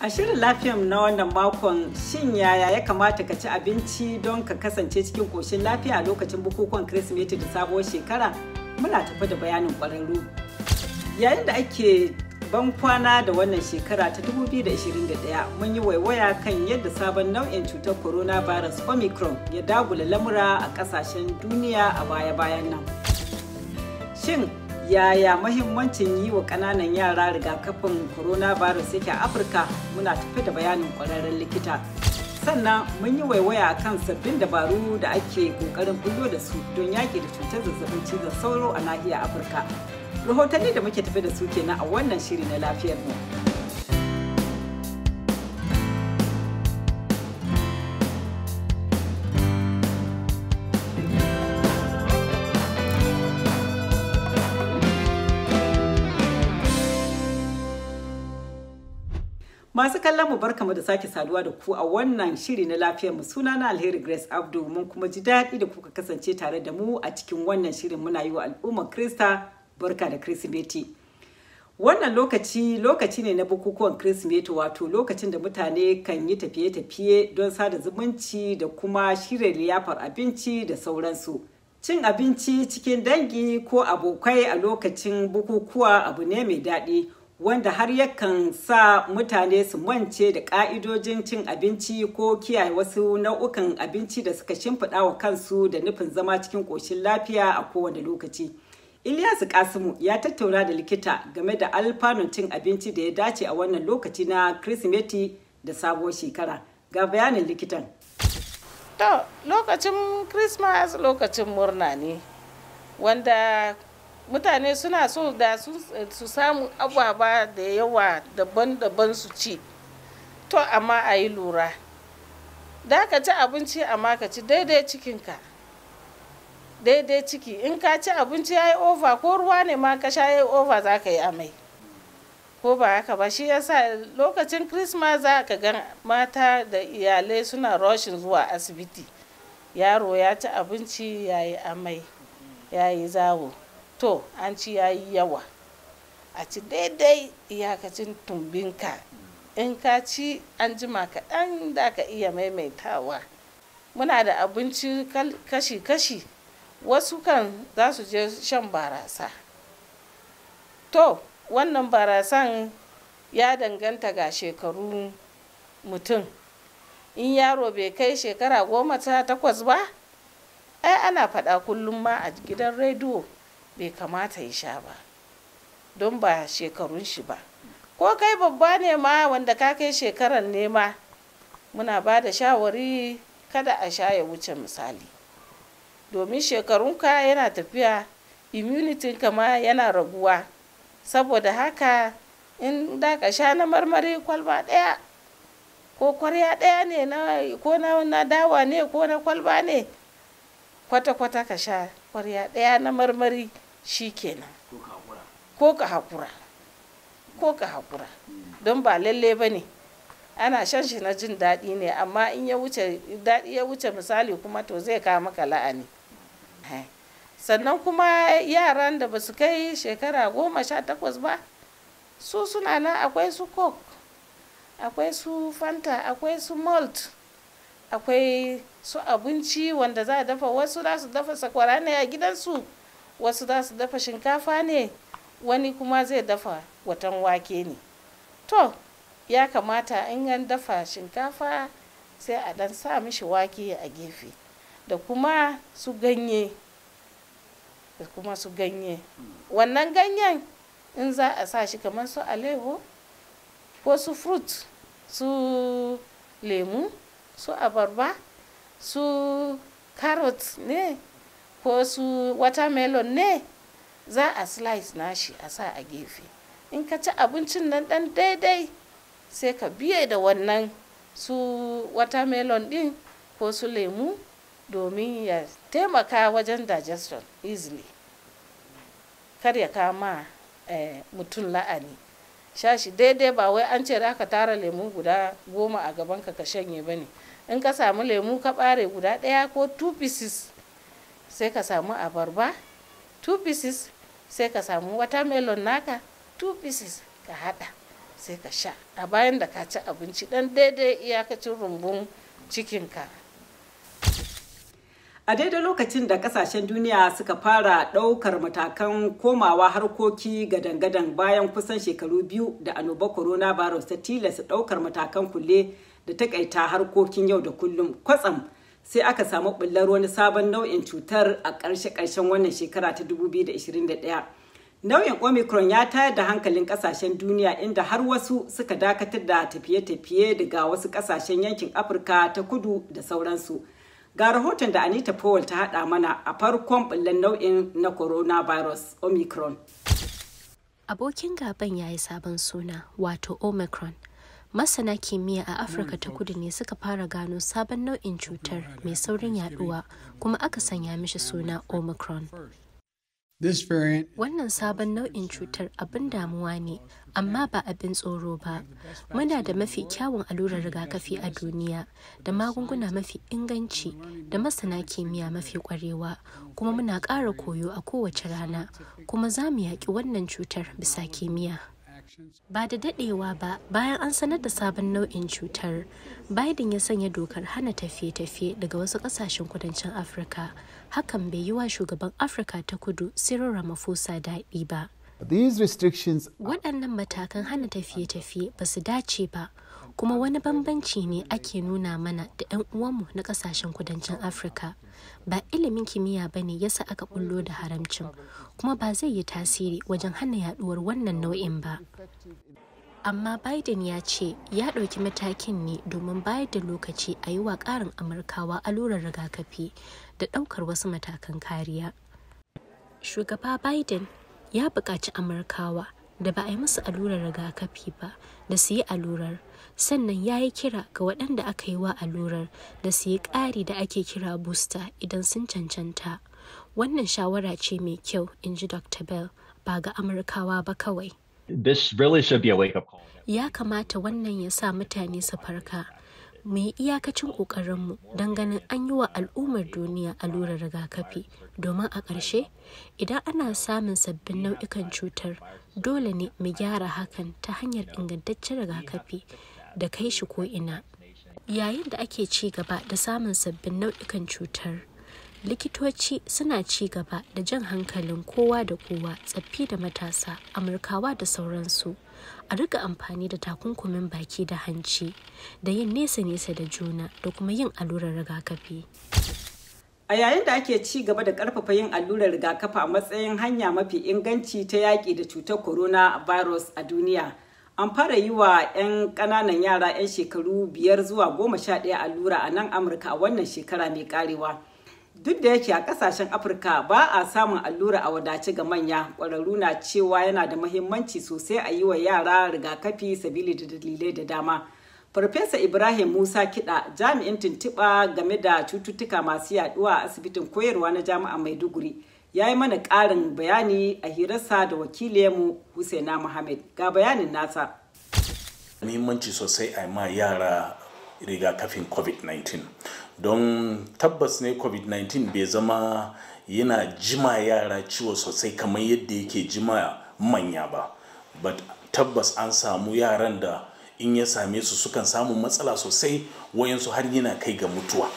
A shirin lafiyar na wannan makon shin yaya ya kamata ka ci abinci don ka kasance cikin koshin lafiya a lokacin bukukuwan Kirsimeti da sabuwar shekara? Muna tafi da bayanin ƙwararru. Yayin da ake ban kwana da wannan shekara ta 2021 mun yi waiwaya kan yadda sabon nau'in cutar coronavirus omicron ya dagula lamura a ƙasashen duniya a baya-bayan nan. Shin yaya mahimmancin yi wa ƙananan yara rigakafin coronavirus yake a afirka muna tafi da bayanin ƙwararren likita sannan mun yi waiwaya kan sabbin dabaru da ake ƙoƙarin bullo da su don yaƙi da cutar zazzabin cizon sauro a nahiyar afirka rahotanni da muke tafi da su kenan a wannan shiri na lafiyar mu Masu kallon mu barkamu da sake saduwa da ku a wannan shiri na lafiyar mu suna na Alheri Grace Abdu mun kuma ji daɗi da kuka kasance tare da mu a cikin wannan shirin muna yi wa al'ummar Krista barka da Kirsimeti. Wannan lokaci lokaci ne na bukukuwan Kirsimeti wato lokacin da mutane kan yi tafiye-tafiye don sada zumunci da kuma shirya liyafar abinci da sauransu. Cin abinci cikin dangi ko abokai a lokacin bukukuwa abu ne mai daɗi wanda har yakan sa mutane su mance da ƙa'idojin cin abinci ko kiyaye wasu nau'ukan abinci da suka shimfiɗa wa kansu da nufin zama cikin ƙoshin lafiya a kowane lokaci. Ilyasu Kasimu ya tattauna da likita game da alfanun cin abinci da ya dace a wannan lokaci na Kirsimeti da sabuwar shekara. Ga bayanin likitan. To, lokacin Christmas lokacin murna ne, wanda mutane suna so da su samu ababa da yawa daban-daban su ci to amma a yi lura da ka ci abinci amma ka ci daidai cikinka daidai ciki in ka ci abinci ya yi ova ko ruwa ne ma ka sha ya yi ova za ka yi amai ko ba haka ba shi yasa lokacin christmas za ka ga mata da iyalai suna rushin zuwa asibiti yaro ya ci abinci ya yi amai ya yi zawo to an ci ya yi yawa a ci daidai iyakacin tumbinka in ka ci an jima kaɗan da ka iya maimaitawa muna da abinci kashi-kashi wasu kan za su je shan barasa to wannan barasan ya danganta ga shekaru mutum in yaro bai kai shekara goma ta takwas ba ai ana faɗa kullum ma a gidan rediyo bai kamata ya sha ba don ba shekarun shi ba ko kai babba ne ma wanda ka kai shekaran nema? muna ba da shawari kada a sha ya wuce misali domin shekarunka yana tafiya immunity kama yana raguwa saboda haka in da ka sha na marmari kwalba ɗaya ko kwarya ɗaya ne ko na dawa ne ko na kwalba ne kwata-kwata ka sha kwarya ɗaya na marmari shi kenan ko ka haƙura ko ka haƙura don ba lalle ba ne ana shan shi na jin daɗi ne amma in ya wuce daɗi ya wuce misali kuma to zai kawo maka la'ani eh. sannan kuma yaran da ba su kai shekara goma sha takwas ba su suna nan akwai su coke akwai su fanta akwai su malt akwai su abinci wanda za a dafa wasu za su dafa sakwara ne a gidansu wasu za su dafa shinkafa ne wani kuma zai dafa watan wake ne to ya kamata in an dafa shinkafa sai a dan sa mishi wake a gefe da kuma su ganye da kuma su ganye wannan ganyen in za a sa shi kamar su alewo ko su fruit su lemu su abarba su carrot ne ko su watermelon ne za a slice shi a sa a gefe in ka ci abincin nan dan daidai sai ka biye da wannan su watermelon din ko su lemu domin ya taimaka wajen digestion easily kar ya kama eh, mutum la'ani shashi daidai ba wai an ce da aka tara lemu guda goma a gaban ka ka shanye ba ne in ka samu lemu ka bare guda ɗaya ko two pieces sai ka samu abarba 2 pieces sai ka samu watermelon naka 2 pieces ka hada sai ka sha a bayan da ka ci abinci dan daidai iyakacin rumbun cikinka a daidai lokacin da kasashen duniya suka fara ɗaukar matakan komawa harkoki ga dangadan bayan kusan shekaru biyu da annoba coronavirus ta tilasta ɗaukar matakan kulle da takaita harkokin yau da kullum kwatsam sai aka samu bullar wani sabon nau'in cutar a ƙarshe-ƙarshen wannan shekara ta 2021 nau'in omicron ya tayar da hankalin ƙasashen duniya inda har wasu suka dakatar da tafiye-tafiye daga wasu ƙasashen yankin afirka ta kudu da sauransu ga rahoton da anita powell ta haɗa mana a farkon bullar nau'in na coronavirus omicron abokin gaban ya yi sabon suna wato omicron masana kimiyya a afirka ta hmm, kudu ne suka fara gano sabon nau'in cutar mai saurin yaduwa kuma aka sanya mishi suna omicron Wannan sabon nau'in cutar abin damuwa ne, amma ba abin tsoro ba. Muna da mafi kyawun allurar rigakafi a duniya, da magunguna mafi inganci, da masana kimiyya mafi kwarewa, kuma muna ƙara koyo a kowace rana, kuma za mu yaƙi wannan cutar bisa kimiyya. Ba da daɗewa ba bayan an sanar da sabon nau'in cutar, Biden ya sanya dokar hana tafiye-tafiye daga wasu ƙasashen kudancin Afirka. Hakan bai yi wa shugaban Afirka ta kudu Cyril Ramaphosa daɗi ba. Waɗannan matakan hana tafiye-tafiye ba su dace ba, kuma wani bambanci ne ake nuna mana da 'yan uwanmu na kasashen kudancin afirka ba ilimin kimiyya ba ne yasa aka bullo da haramcin kuma ba zai yi tasiri wajen hana yaduwar wannan nau'in ba amma biden ya ce ya ɗauki matakin ne domin bayar da lokaci a yi wa ƙarin amurkawa alurar rigakafi da ɗaukar wasu matakan kariya shugaba biden ya buƙaci amurkawa da ba a yi musu allurar rigakafi ba da su yi allurar sannan ya yi kira ga waɗanda aka yi wa allurar da su yi ƙari da ake kira booster idan sun cancanta wannan shawara ce mai kyau in ji dr bell ba ga amurkawa ba kawai ya kamata wannan ya sa mutane su farka mu yi iyakacin ƙoƙarinmu don ganin an yi wa al'ummar duniya allurar rigakafi domin a ƙarshe idan ana samun sabbin nau'ikan cutar dole ne mu gyara hakan ta hanyar ingantaccen rigakafi da kai shi ko ina yayin da ake ci gaba da samun sabbin nau'ikan cutar likitoci suna ci gaba da jan hankalin kowa da kowa tsaffi da matasa amurkawa da sauransu a rika amfani da takunkumin baki da hanci da yin nesa-nesa da juna da kuma yin allurar rigakafi a yayin da ake ci gaba da karfafa yin allurar rigakafi a matsayin hanya mafi inganci ta yaƙi da cutar corona virus a duniya an fara yi wa 'yan ƙananan yara 'yan shekaru biyar zuwa goma sha ɗaya allura a nan amurka a wannan shekara mai karewa duk da yake a kasashen afirka ba a samun allura a wadace ga manya ƙwararru na cewa yana da mahimmanci sosai a yi wa yara rigakafi sabili da dalilai da dama farfesa ibrahim musa kiɗa jami'in tuntuɓa game da cututtuka masu yaɗuwa a asibitin koyarwa na jami'a maiduguri ya yi mana ƙarin bayani a hirarsa da wakilinmu husaina muhammad ga bayanin nasa muhimmanci sosai a yi ma yara rigakafin covid-19 don tabbas ne covid-19 bai zama yana jima yara ciwo sosai kamar yadda yake jima manya ba but tabbas an samu yaran da in ya same su sukan samu matsala sosai wayansu har yana kai ga mutuwa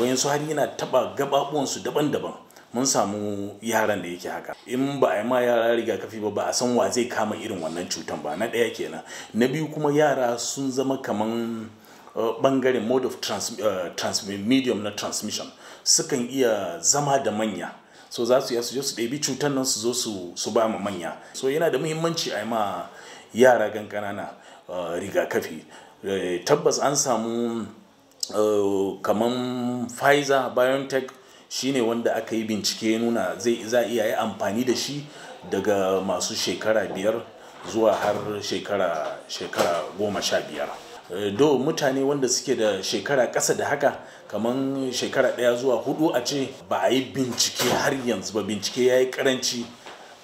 wayansu har yana taba gababuwansu daban-daban mun samu yaran da yake haka in ba a yi ma yara rigakafi ba ba a san wa zai kama irin wannan cutan ba na ɗaya kenan na biyu kuma yara sun zama kaman bangaren mode of eh, trans, medium na transmission sukan iya zama da manya so za su iya su su ɗabi cutar nan su zo su ba ma manya so yana da muhimmanci a yi ma yara gan ƙanana eh, rigakafi eh, tabbas an samu kaman pfizer biontech shine wanda aka yi bincike ya nuna zai za iya yi amfani da shi daga masu shekara biyar zuwa har shekara goma sha biyar Eh, do mutane wanda suke da shekara ƙasa da haka kamar shekara ɗaya zuwa hudu a ce ba a yi bincike har yanzu ba bincike ya yi karanci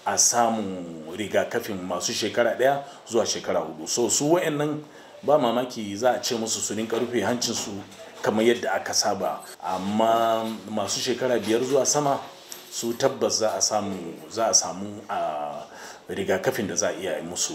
a samun rigakafin masu shekara ɗaya zuwa shekara hudu so su wa'annan ba mamaki za a ce musu su rinka rufe hancinsu kamar yadda aka saba amma masu shekara biyar zuwa sama su tabbas za a samu a ah, rigakafin da za a iya musu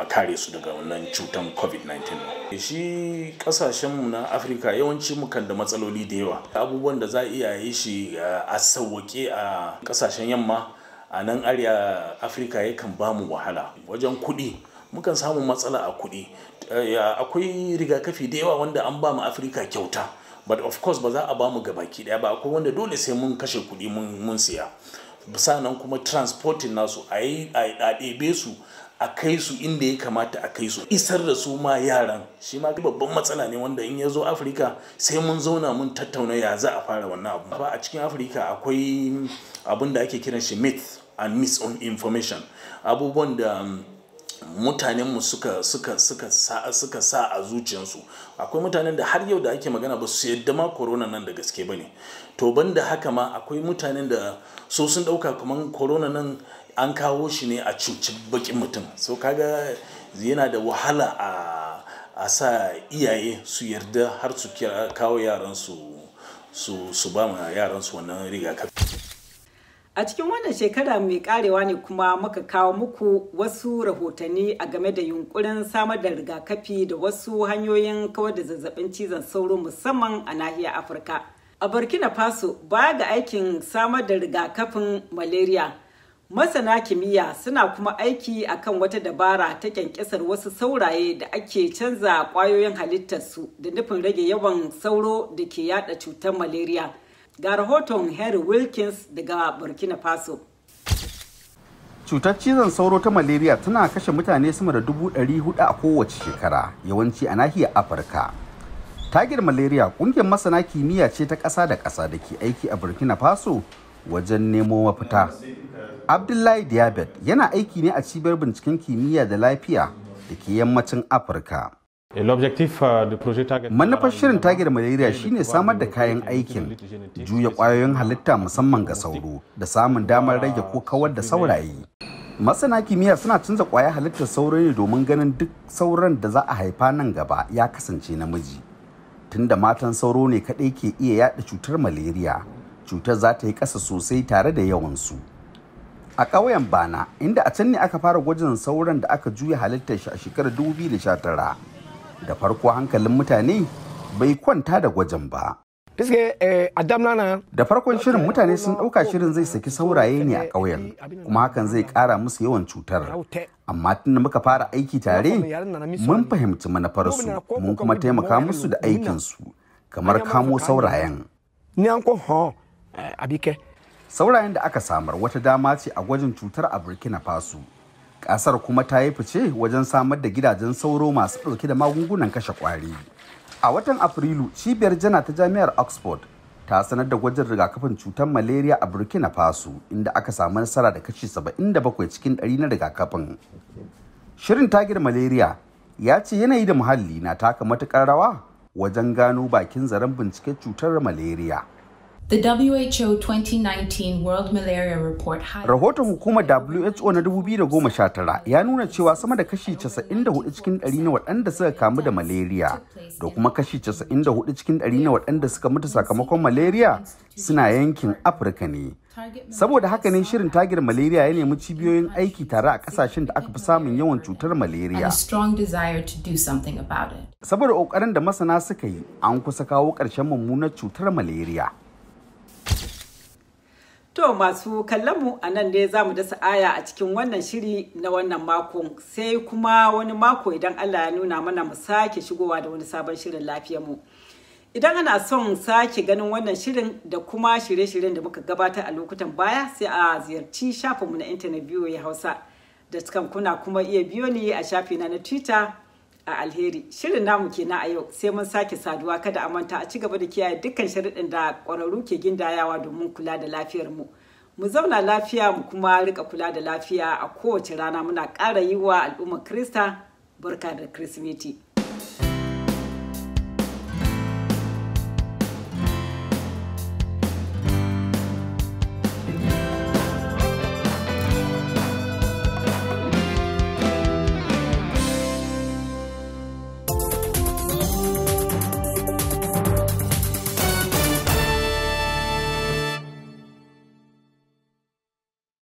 a kare su daga wannan cutan covid-19 shi kasashenmu na afirka yawanci mukan da matsaloli da yawa abubuwan da za a iya yi shi eh, a sauwaƙe a kasashen yamma a nan arewa afirka yakan ba mu wahala wajen kuɗi mukan samu matsala a kuɗi eh, akwai rigakafi da yawa wanda an ba mu afirka kyauta but of course ba za a ba mu gabaki daya ba akwai wanda dole sai mun kashe kuɗi mun siya sannan kuma transporting nasu a yi a ɗebe su a kai su inda ya kamata a kai su isar da su ma yaran shi ma babban matsala ne wanda in ya zo afirka sai mun zauna mun tattauna ya za a fara wannan abu ba a cikin afirka akwai abin da ake kiran shi myth and misinformation abubuwan da um, mutanenmu suka suka suka sa suka sa a zuciyarsu akwai mutanen da har yau da ake magana ba su yadda ma corona nan da gaske ba ne to banda haka ma akwai mutanen da su sun ɗauka kamar corona nan an kawo shi ne a cuci bakin mutum so kaga yana da wahala a a sa iyaye su yarda har su kawo yaran su su su ba ma yaran su wannan rigakafi a cikin wannan shekara mai karewa ne kuma muka kawo muku wasu rahotanni a game da yunkurin samar da rigakafi da wasu hanyoyin kawar da zazzabin cizon sauro musamman a nahiyar afirka a burkina faso baya ga aikin samar da rigakafin malaria Masana kimiyya suna kuma aiki akan wata dabara ta kyankyasar wasu sauraye da ake canza kwayoyin halittarsu da nufin rage yawan sauro da ke yada cutar malaria. Ga rahoton Harry Wilkins daga Burkina Faso. Cutar cizon sauro ta malaria tana kashe mutane sama da dubu ɗari hudu a kowace shekara, yawanci a nahiyar Afirka. Tagir malaria ƙungiyar masana kimiyya ce ta ƙasa da ƙasa da ke aiki a Burkina Faso wajen nemo mafita abdullahi diabet yana aiki ne a cibiyar binciken kimiyya da lafiya da ke yammacin afirka euh, manufar shirin tagir malaria shine samar da kayan aikin juya kwayoyin halitta musamman ga sauro da samun damar rage ko kawar da sauraye masana kimiyya suna canza kwayar halittar sauro ne domin ganin duk sauran da za a haifa nan gaba ya kasance namiji tunda matan sauro ne kaɗai ke iya yaɗa cutar malaria cutar za ta yi ƙasa sosai tare da yawansu a ƙauyen bana inda a can ne aka fara gwajin sauran da aka juya halittar shi a shekarar 2019 da farko hankalin mutane bai kwanta da gwajin ba eh, da farkon shirin mutane sun ɗauka shirin zai saki sauraye ne a ƙauyen kuma hakan zai ƙara musu yawan cutar amma tun muka fara aiki tare mun fahimci manufarsu mun kuma taimaka musu da aikinsu kamar kamo saurayen Eh, abike saurayin da aka samar wata dama ce a gwajin cutar a burkina faso kasar kuma ta yi fice wajen samar da gidajen sauro masu dauke da magungunan kashe kwari a watan afrilu cibiyar jana ta jami'ar oxford ta sanar da gwajin rigakafin cutar malaria a burkina faso inda aka samu nasara da kashi 77 cikin 100 na rigakafin shirin tagir malaria ya ce yanayi da muhalli na taka matukar rawa wajen gano bakin zaren binciken cutar malaria The WHO 2019 World Malaria Report Rahoton hukumar WHO na 2019 ya nuna cewa sama da kashi 94 cikin 100 na waɗanda suka kamu da malaria da kuma kashi 94 cikin 100 na waɗanda suka mutu sakamakon malaria suna yankin Afirka ne. Saboda haka ne shirin tagir malaria ya nemi cibiyoyin aiki tare a kasashen da aka fi samun yawan cutar malaria. Saboda ƙoƙarin da masana suka yi, an kusa kawo ƙarshen mummunar cutar malaria. To masu kallonmu a nan ne za mu dasa aya a cikin wannan shiri na wannan makon sai kuma wani mako idan Allah ya nuna mana mu sake shigowa da wani sabon shirin lafiyar mu. Idan ana son sake ganin wannan shirin da kuma shirye-shiryen da muka gabatar a lokutan baya sai a ziyarci shafinmu na intanet biyu ya hausa da kuna kuma iya biyo ni a shafina na Twitter a alheri shirin namu kenan a yau sai mun sake saduwa kada a manta a ci gaba da kiyaye dukkan sharuɗin da ƙwararru ke gindayawa domin kula da lafiyar mu mu zauna lafiya mu kuma rika kula da lafiya a kowace rana muna ƙara yi wa al'ummar Kirista barka da kirsimeti